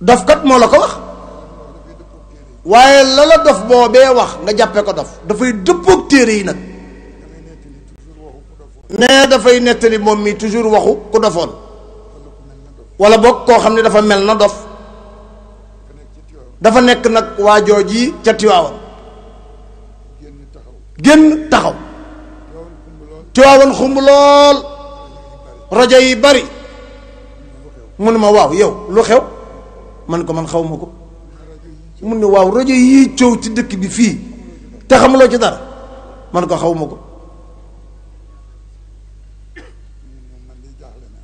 dof kat mo la ko wax waye la la dof bobé wax nga jappé ko dof fay deppok téré yi né da fay netali mom mi toujours waxu ku dofoon wala bok ko xamni dafa mel na dof dafa nek nak ci tiwawon genn taxaw tiwawon bari mu ne ma waaw yow lu xew man ko man xaw ko mu ne waaw rajo yii ci dëkk bi fii te xamuloo ci man ko xaw ma ko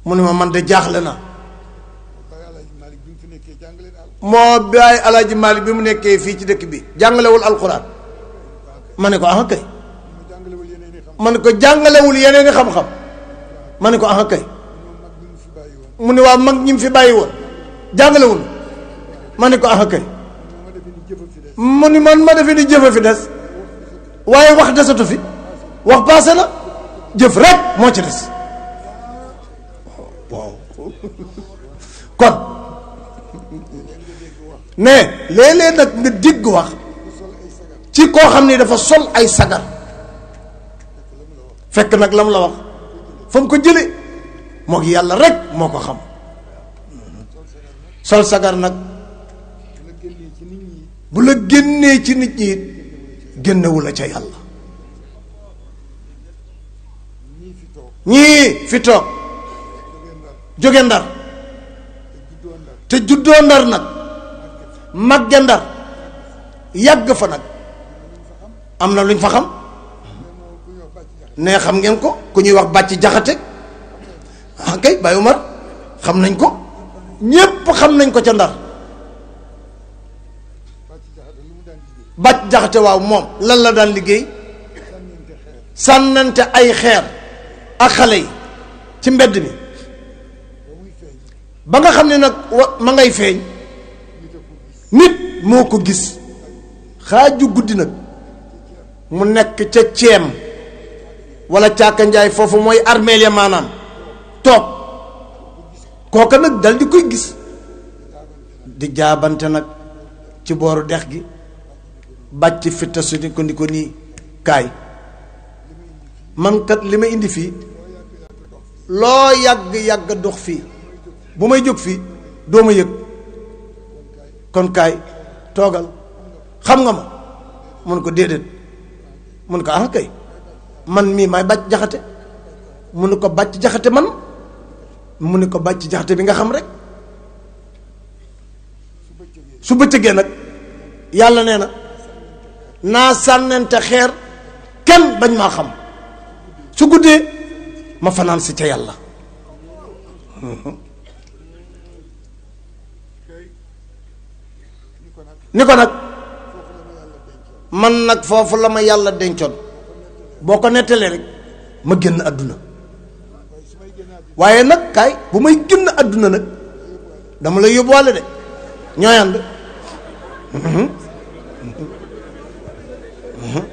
mu ne ma man de jaaxle na moo bàyyi alaaji Maalik bi mu nekkee fii ci dëkk bi jàngalewul alxuraan ma ne ko ah kay ma ne ko jàngalewul yeneeni i xam-xam ma ne ko ah kay mu ne waa mag ñi fi bàyyi woon jàngalewul ma ne ko ah kay mu ni man ma defe ni jëfa fi des waaye wax desatu fi wax passé na jëf rek moo ci des waaw kon ne léeg-léeg nag nga digg wax ci koo xam ni dafa sol ay sagar fekk nag lam la wax fa ko jële moog yàlla rek moo ko xam sol sagar nag bu la génnee ci nit ñi it génnewu la ca yàlla ñii fi toog jóge ndar te juddoo ndar nag màgge ndar yàgg fa nag am na luñ fa xam ne xam ngeen ko ku ñuy wax bàcc jaxate ah kay Baye Umar xam nañ ko ñépp xam nañ ko ca ndar bàcc jaxate waaw moom lan la daan liggéey sànnante ay xeer ak xale yi ci mbedd mi ba nga xam ne nag ma ngay feeñ nit moo ko gis xaaju guddi nag mu nekk ca ceem walla càkkanjaay foofu mooy armeel ya maanaam tok kooka nak dal di koy gis di jaabante nak ci boru dekh gi bàcc fi tasu ko ni ko ni kay man kat limay indi fi lo yag yag dox fi bu may jóg fi do ma kon kay togal xam nga ma mon ko dedet mon ko ah kay man mi may bacc jaxate mon ko bacc jaxate man mu ni ko bàcc jaxate bi nga xam rek su bëccëgee nag yàlla nee na naa sànnente xeer kenn bañ maa xam su guddee ma fanaan si ca yàlla ni ko nag man nag foofu la ma yàlla dencoon boo ko nettalee rek ma génn àdduna waaye nag kaay bu may génn àdduna nag dama lay yóbbuwaale de ñooy ànd mhm. Mhm.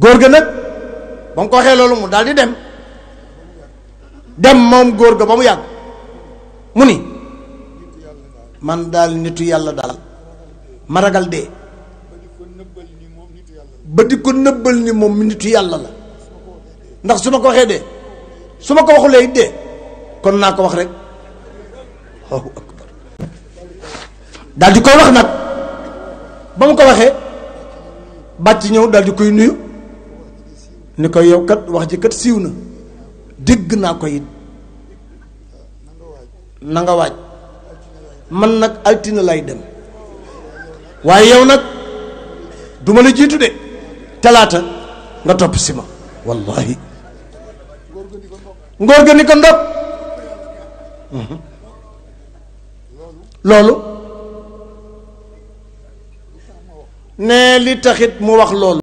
góor ga nag ba mu ko waxee loolu mu daal di dem dem moom góor ga ba mu yàgg mu ni man daal nitu yàlla daal ma ragal dee ba di ko nëbbal ni moom mi nitu yàlla la ndax su ma ko waxee de su ma ko waxulee dee kon naa ko wax rek allahu di koy wax nag ba mu ko waxee bàcc ñëw daal di koy nuyu ni koy yow kat wax ji kat siiw na dégg naa koy nanga na waaj man nag altine lay dem waaye yow nag du ma la jiitu de talaata nga topp si ma wallahi ngóor ga ko ndop mhm. loolu ne li taxit mu wax loolu